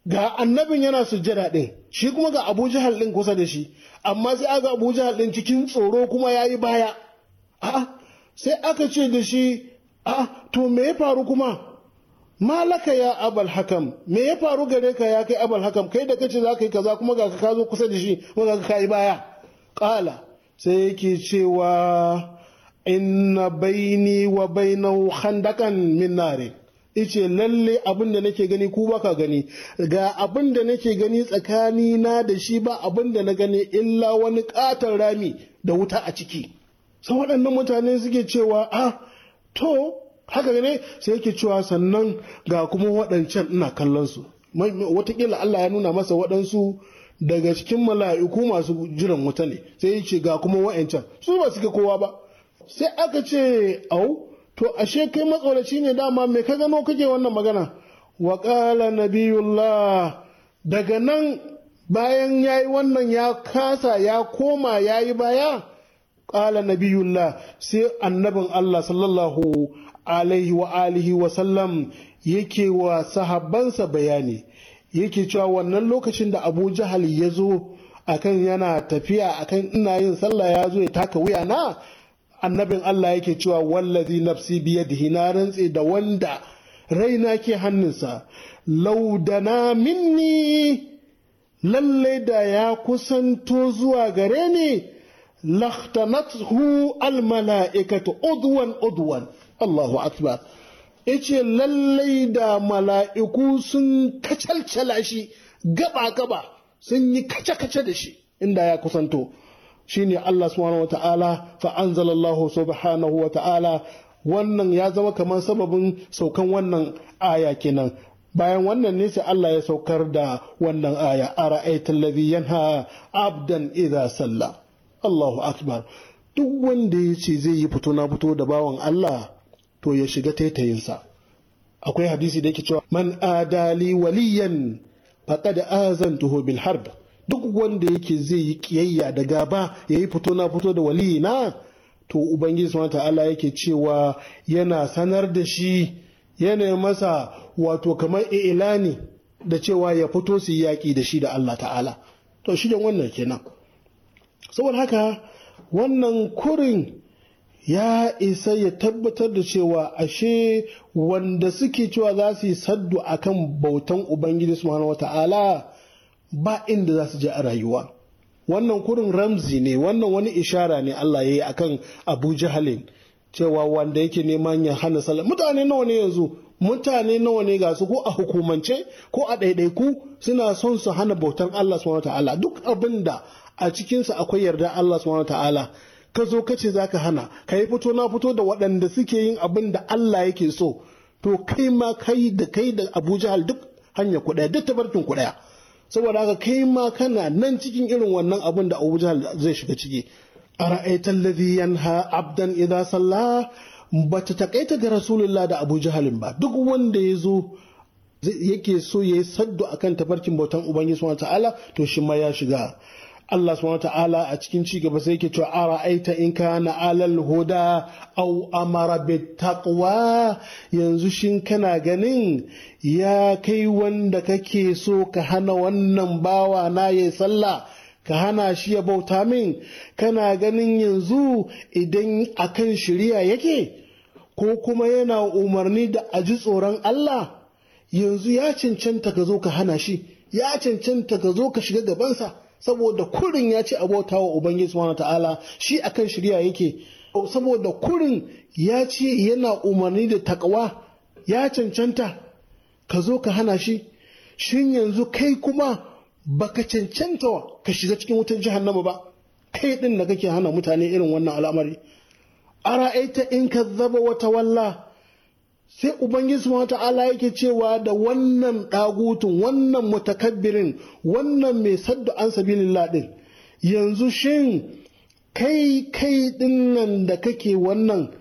ga annabin yana sujjada ɗin shi kuma ga abu jihar ɗin kusa da shi amma sai aka abu jihar ɗin cikin tsoro kuma ya yi baya a sai aka ce da shi a to me ya faru kuma malaka ya abal hakan, me ya faru gare ka ya kai abal hakam kai da kace za ka yi kaza kuma ga ka zo kusa da shi kuma ga ka yi baya ƙala sai yake cewa inna baini wa bainahu khandakan min nare ice lalle abin da nake gani ku baka gani ga abin da nake gani tsakani na da shi ba abin da na gani illa wani katon rami da wuta a ciki sai waɗannan mutane suke cewa ah to haka ne sai yake cewa sannan ga kuma waɗancan ina kallon su watakila Allah ya nuna masa waɗansu daga cikin mala'iku masu jiran wuta ne sai ya ce ga kuma waɗancan su ba suke kowa ba sai aka ce au to ashe kai matsoraci ne dama mai ka gano kake wannan magana wa qala daga nan bayan ya yi wannan ya kasa ya koma ya yi baya ƙala na sai annabin Allah sallallahu alaihi wa alihi wa sallam yake wa sahabbansa bayani yake cewa wannan lokacin da Abu Jahal ya zo akan yana tafiya akan ina yin sallah ya zo ya taka wuya na annabin Allah yake cewa wallazi nafsi biyadihi na rantse da wanda raina ke hannunsa laudana minni lallai da ya kusanto zuwa gare ni lahtanathu almala'ikatu udwan udwan Allahu akbar yace lallai da mala'iku sun kacalcala shi gaba gaba sun yi kace kace da shi inda ya kusanto shine Allah subhanahu wata'ala fa anzalallahu subhanahu wata'ala wannan ya zama kamar sababin saukan wannan aya kenan bayan wannan ne sai Allah ya saukar da wannan aya ara'aytal ladhi yanha abdan idza salla Allahu akbar duk wanda ya ce zai yi fito na fito da bawan Allah to ya shiga taitayinsa akwai hadisi da yake cewa man adali waliyan faqad azantuhu bil harb duk wanda yake zai yi kiyayya da gaba ya yi fito na fito da waliyi na to ubangiji subhanahu ta'ala yake cewa yana sanar da shi yana masa wato kamar ilani da cewa ya fito su yaƙi da shi da Allah ta'ala to shi wannan kenan saboda haka wannan kurin ya isa ya tabbatar da cewa ashe wanda suke cewa za su yi saddu akan bautan ubangiji subhanahu wata'ala ba inda za su je a rayuwa wannan kurin ramzi ne wannan wani ishara ne Allah ya yi akan Abu Jahalin cewa wanda yake neman ya hana sallah mutane nawa ne yanzu mutane nawa ne ga su ko a hukumance ko a ɗaiɗaiku suna son su hana bautan Allah subhanahu ta'ala duk abin da a sa akwai yarda Allah subhanahu ta'ala ka zo ka ce zaka hana ka yi fito na fito da waɗanda suke yin abin da Allah yake so to kai ma kai da kai da Abu Jahal duk hanya kuɗaya duk tabarkin kuɗaya saboda haka kai ma kana nan cikin irin wannan abin da Abu Jahal zai shiga ciki A ara'aita alladhi yanha abdan idza salla bata takaita ga rasulullah da Abu Jahalin ba duk wanda ya zo yake so ya yi saddu akan tafarkin bautan Ubangiji subhanahu ta'ala to shi ma ya shiga Allah subhanahu ta'ala a cikin ci gaba sai yake cewa a ra'aita in ka kana alal huda aw amara bit taqwa yanzu shin kana ganin ya kai wanda kake so ka hana wannan bawa na yayi sallah ka hana shi ya bauta min kana ganin yanzu idan akan shiriya yake ko kuma yana umarni da a ji tsoron Allah yanzu ya cancanta ka zo ka hana shi ya cancanta ka zo ka shiga gabansa saboda kurin ya ce abota wa ubangiji subhanahu ta'ala shi akan shirya yake saboda kurin ya ce yana umarni da takawa ya cancanta ka zo ka hana shi shin yanzu kai kuma baka cancanta ka shiga cikin wutar jahannama ba kai din da kake hana mutane irin wannan al'amari ara'aita in kazzaba wata walla sai ubangiji subhanahu ta'ala yake cewa da wannan ɗagutun wannan mutakabbirin wannan mai saddu an sabilillah din yanzu shin kai kai din nan da kake wannan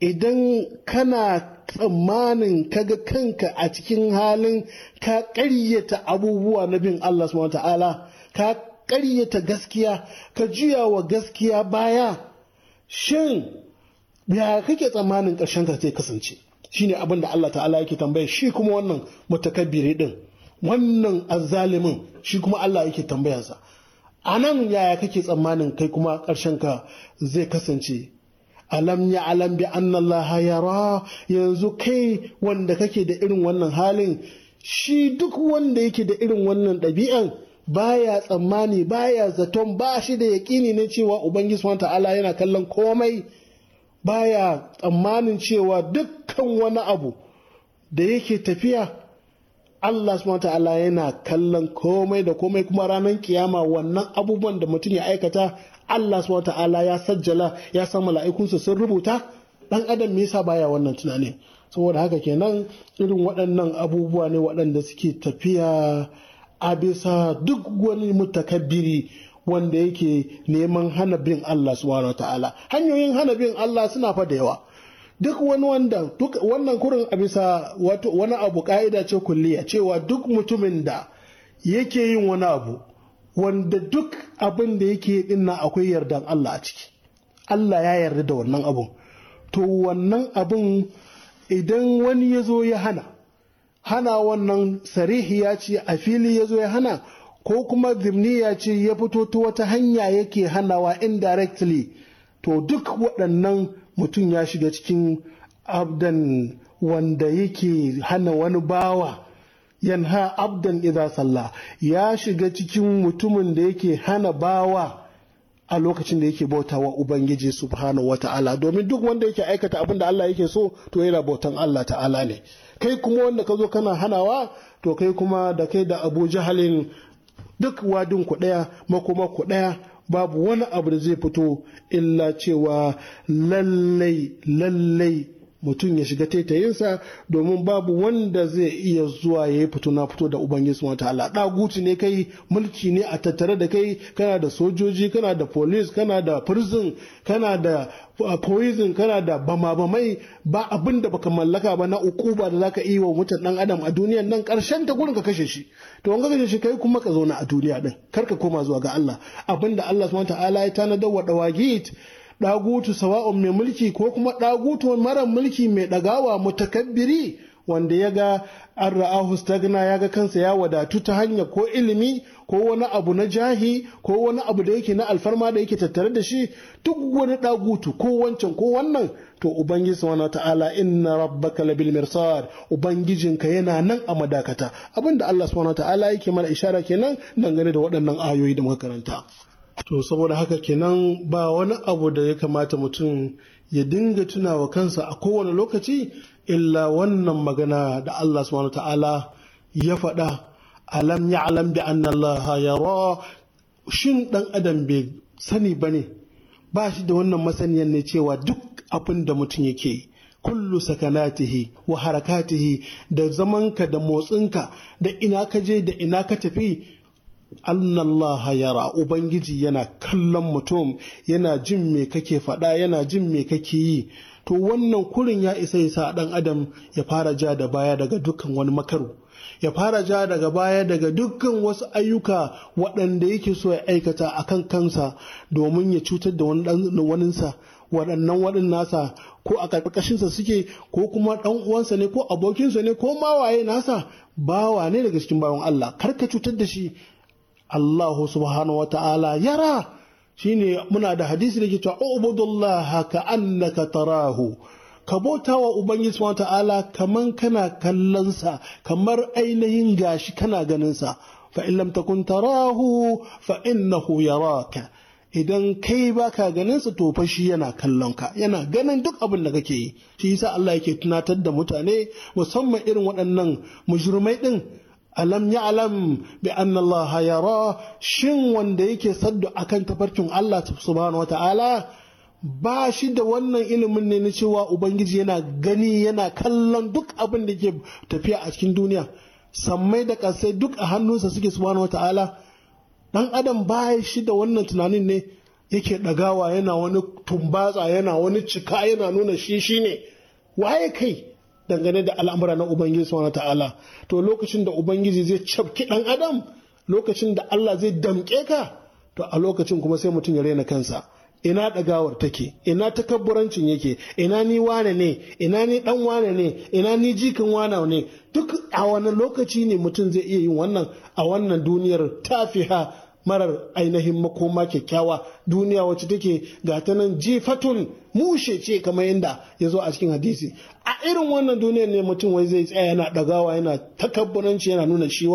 idan kana tsammanin kaga kanka a cikin halin ka karyata abubuwa na bin Allah subhanahu ta'ala ka karyata gaskiya ka juya wa gaskiya baya shin ya kake tsammanin ƙarshen ka kasance shine abin da Allah ta'ala yake tambaya shi kuma wannan mutakabbiri din wannan azzalimin shi kuma Allah yake tambayarsa a nan yaya kake tsammanin kai kuma ƙarshen ka zai kasance alam ya alam bi annallaha yara yanzu kai wanda kake da irin wannan halin shi duk wanda yake da irin wannan ɗabi'an baya tsammani baya zaton ba shi da yaƙini na cewa ubangiji subhanahu ta'ala yana kallon komai baya tsammanin cewa dukkan wani abu da yake tafiya Allah subhanahu ta'ala yana kallon komai da komai kuma ranar kiyama wannan abubuwan da mutum ya aikata Allah subhanahu ta'ala ya sajjala ya san mala'ikunsa sun rubuta dan adam me yasa baya wannan tunani saboda haka kenan irin waɗannan abubuwa ne waɗanda suke tafiya a bisa duk wani mutakabbiri wanda yake neman hana bin Allah subhanahu ta'ala hanyoyin hana bin Allah suna fa da yawa duk wani wanda duk wannan kurin a bisa wato wani abu ka'ida ce kulliya cewa duk mutumin da yake yin wani abu wanda duk abin da yake dinna akwai yardan Allah a ciki Allah ya yarda da wannan abun to wannan abun idan wani ya zo ya hana hana wannan sarihi ya ce a fili ya zo ya hana ko kuma zimniya ce ya fito ta wata hanya yake hanawa indirectly to duk waɗannan mutum ya shiga cikin abdan wanda yake hana wani bawa yanha abdan iza sallah ya shiga cikin mutumin da yake hana bawa a lokacin da yake bauta wa ubangiji subhanahu ta'ala, domin duk wanda yake aikata abin da Allah yake so to yana bautan Allah ta'ala ne kai kuma wanda ka zo kana hanawa to kai kuma da kai da abu jahalin duk wadin ku ɗaya makoma ku ɗaya babu wani abu da zai fito illa cewa lallai lallai mutum ya shiga taitayinsa domin babu wanda zai iya zuwa ya yi fito na fito da ubangiji subhanahu ta'ala daguci ne kai mulki ne a tattare da kai kana da sojoji kana da police kana da prison kana da uh, poison kana da bama-bamai ba abin da baka mallaka ba na ukuba da zaka iya wa mutum dan adam a duniyan nan karshen ta gurin ka kashe shi to wanga kashe shi kai kuma ka zauna a duniya din kar ka koma zuwa ga Allah abin da Allah subhanahu ta'ala ya tanadar wa dawagit ɗagutu sawa'un mai mulki ko kuma ɗagutu mara mulki mai ɗagawa mutakabbiri wanda ya ga an ra'ahu stagna ya ga kansa ya wadatu ta hanyar ko ilimi ko wani abu na jahi ko wani abu da yake na alfarma da yake tattare da shi duk wani ɗagutu ko wancan ko wannan to ubangiji subhanahu ta'ala inna rabbaka labil mirsad ubangijinka yana nan a madakata abinda Allah subhanahu ta'ala yake mara ishara kenan dangane da waɗannan ayoyi da muka karanta To saboda haka kenan ba wani abu da ya kamata mutum ya dinga tunawa kansa a kowane lokaci illa wannan magana da Allah subhanahu ta'ala ya faɗa alam alam bi anna Allah shin dan adam bai sani ba ne? ba shi da wannan masaniyan ne cewa duk abin da mutum yake kullu sakanatihi wa harakatihi da zamanka da motsinka da ina ka je da ina ka tafi annallaha yara ubangiji yana kallon mutum yana jin me kake faɗa yana jin me kake yi to wannan kurin ya isa ya sa ɗan adam ya fara ja da baya daga dukkan wani makaru ya fara ja daga baya daga dukkan wasu ayyuka waɗanda yake so ya aikata a kan kansa domin ya cutar da sa waɗannan waɗin nasa ko a ƙarƙashinsa suke ko kuma ɗan uwansa ne ko abokinsa ne ko mawaye nasa bawa ne daga cikin bawan Allah kar ka cutar da shi Allah subhanahu wa ta'ala yara shine muna da hadisi da ke cewa ubudullaha ka annaka tarahu ka bauta wa Ubangiji subhanahu ta'ala kaman kana kallonsa kamar ainihin gashi kana ganinsa fa in lam takun tarahu fa innahu yaraka idan kai baka ganinsa to fa shi yana ka. yana ganin duk abin da kake yi shi yasa Allah yake tunatar da mutane musamman irin waɗannan mujrimai din alam ya'lam bi anna Allah yara shin wanda yake saddu akan tafarkin Allah subhanahu wata'ala ba shi da wannan ilimin ne na cewa ubangiji yana gani yana kallon duk abin da ke tafiya a cikin duniya sammai da kasai duk a hannunsa suke subhanahu wata'ala dan adam ba shi da wannan tunanin ne yake dagawa yana wani tumbatsa yana wani cika yana nuna shi shine waye kai dangane da al'amura na ubangiji subhanahu ta'ala to lokacin da ubangiji zai cafki dan adam lokacin da Allah zai damƙe ka to a lokacin kuma sai mutum ya raina kansa ina ɗagawar take ina takabburancin yake ina ni wane ne ina ni dan wane ne ina ni jikin wane ne duk a wani lokaci ne mutum zai iya yin wannan a wannan duniyar tafiha marar ainihin makoma kyakkyawa duniya wacce take ga ta nan jifatul mushe ce kamar yadda ya zo a cikin hadisi a irin wannan duniya ne mutum wai zai tsaya yana ɗagawa yana takabburanci yana nuna shi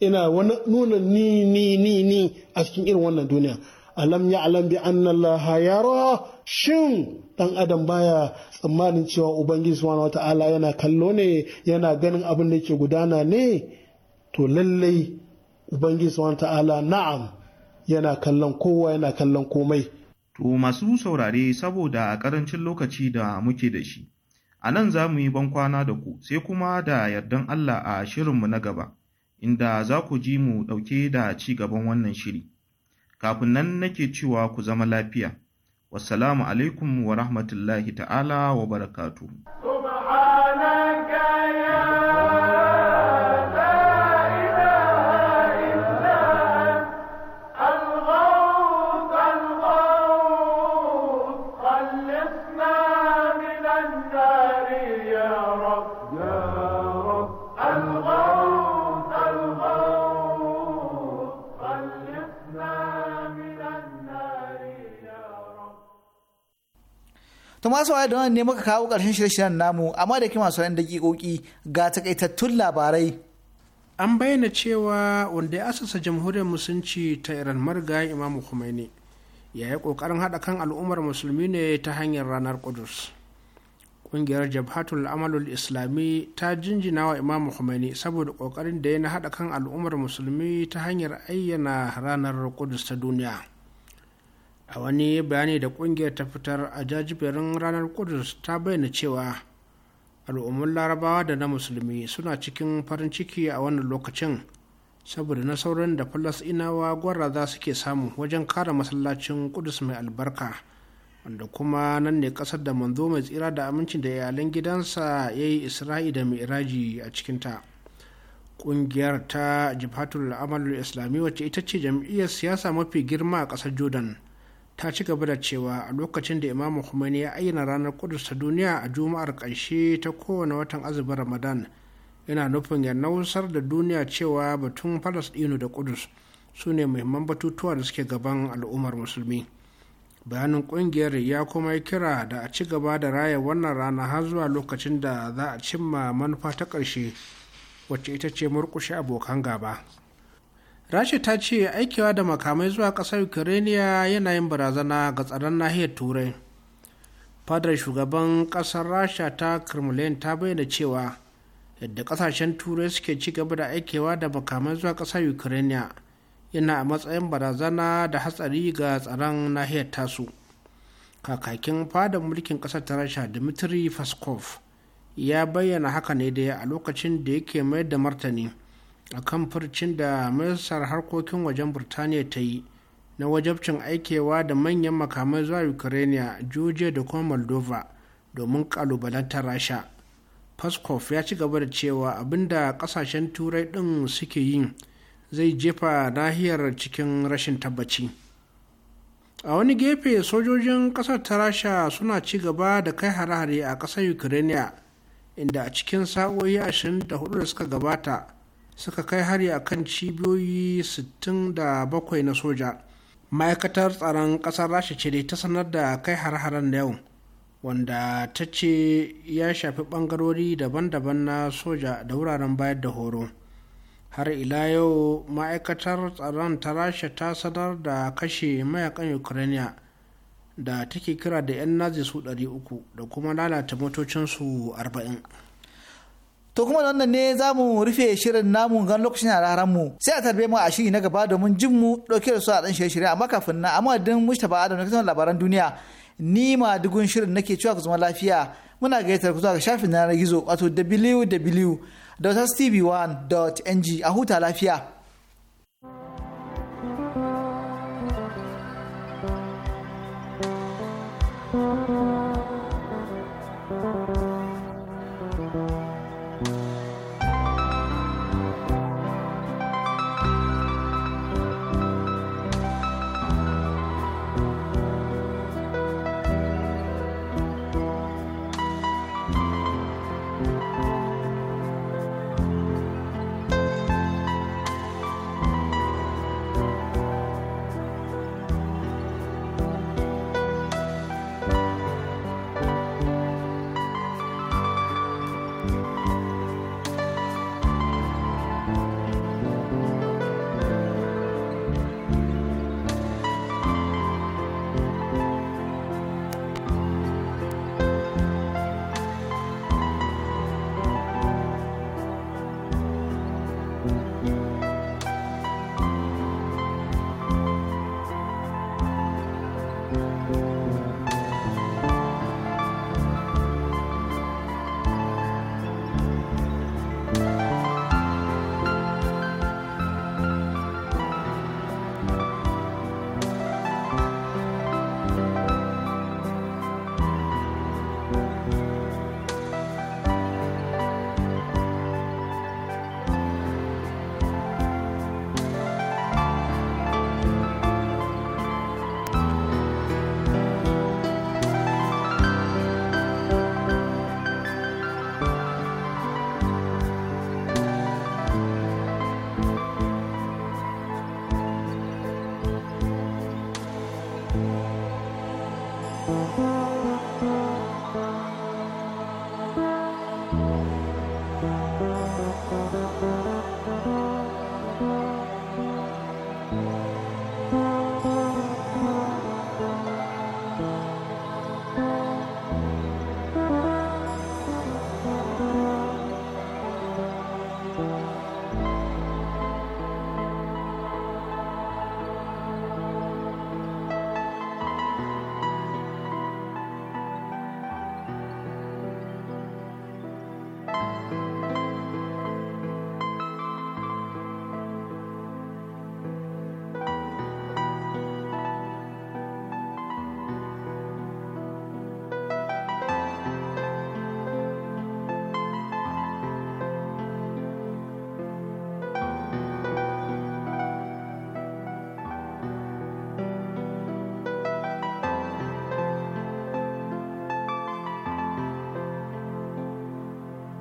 yana nuna ni ni ni ni a cikin irin wannan duniya alam ya alam bi annallaha yara shin dan adam baya tsammanin cewa ubangiji subhanahu wata'ala yana kallo ne yana ganin abin da yake gudana ne to lallai ubangiji subhanahu ta'ala na'am yana kallon kowa yana kallon komai to masu saurare saboda a karancin lokaci da muke da shi a nan za mu yi bankwana da ku sai kuma da yardan Allah a shirinmu na gaba inda za ku ji mu ɗauke da ci gaban wannan shiri kafin nan nake cewa ku zama lafiya wassalamu alaikum wa rahmatullahi ta'ala wa barakatuhu To masu waye don ne muka kawo ƙarshen shirye-shiryen namu amma da kima sauran dakikoki ga takaitattun labarai. An bayyana cewa wanda ya asasa jamhuriyar musulunci ta Iran marga Imam Khomeini ya yi ƙoƙarin haɗa kan al'ummar musulmi ne ta hanyar ranar Qudus. Ƙungiyar Jabhatul Amalul Islami ta jinjina wa Imam Khomeini saboda ƙoƙarin da ya na haɗa kan al'ummar musulmi ta hanyar ayyana ranar Qudus ta duniya. a wani bayani da kungiyar ta fitar a jajiberin ranar kudus ta bayyana cewa al'ummar larabawa da na musulmi suna cikin farin ciki a wannan lokacin saboda na sauran da falasinawa su ke samu wajen kare masallacin kudus mai albarka wanda kuma nan ne kasar da manzo mai tsira da amincin da iyalan gidansa ya yi isra'i da mi'raji a cikinta ƙungiyar ta jihatul amalul islami wacce ita ce jam'iyyar siyasa mafi girma a ƙasar jordan ta ci gaba da cewa a lokacin da imam Khomeini ya ayyana ranar kudus ta duniya a juma'ar ƙarshe ta kowane watan azumin ramadan yana nufin ya nausar da duniya cewa batun falasɗinu da kudus su ne muhimman batutuwa da suke gaban al'ummar musulmi bayanin kungiyar ya kuma yi kira da a ci gaba da raya wannan rana har zuwa lokacin da za a cimma manufa ta ƙarshe wacce ita ce murƙushe abokan gaba. rasha ta ce aikewa da makamai zuwa ƙasar ukraine yana yin barazana ga tsaron nahiyar turai fadar shugaban ƙasar rasha ta kremlin ta bayyana cewa yadda ƙasashen turai suke ci gaba da aikewa da makamai zuwa ƙasar ukraine yana a matsayin barazana da hatsari ga tsaron nahiyar tasu kakakin fadar mulkin ƙasar ta rasha dmitry faskov ya bayyana haka ne da a lokacin da yake mayar da martani a kan furcin da ministar harkokin wajen burtaniya ta yi na wajabcin aikewa da manyan makamai zuwa ukraine georgia da kuma moldova domin kalubalantar rasha paskov ya ci gaba da cewa abinda kasashen turai din suke yin zai jefa nahiyar cikin rashin tabbaci a wani gefe sojojin kasar ta rasha suna ci gaba da kai hare-hare a ƙasar ukraine inda a cikin sa'o'i 24 da suka gabata suka kai hari a kan cibiyoyi 67 na soja ma'aikatar tsaron ƙasar rasha ce dai ta sanar da kai har-haren da yau wanda ta ce ya shafi ɓangarori daban-daban na soja da wuraren bayar da horo har ila yau ma'aikatar tsaron ta rasha ta sanar da kashe mayakan ukraine da take kira da 'yan nazi su 300 da kuma lalata motocinsu 40 To kuma da wannan ne za mu rufe shirin namu gan lokacin hararen mu. Sai a tarbe mu a shiri na gaba domin jin mu ɗauke da su a ɗan shirye-shirye amma kafin na amma din Mustapha Adam na kasan labaran duniya. Ni ma dugun shirin nake cewa ku zama lafiya. Muna gayyatar ku zuwa ga shafin yanar gizo wato www.tv1.ng a huta lafiya.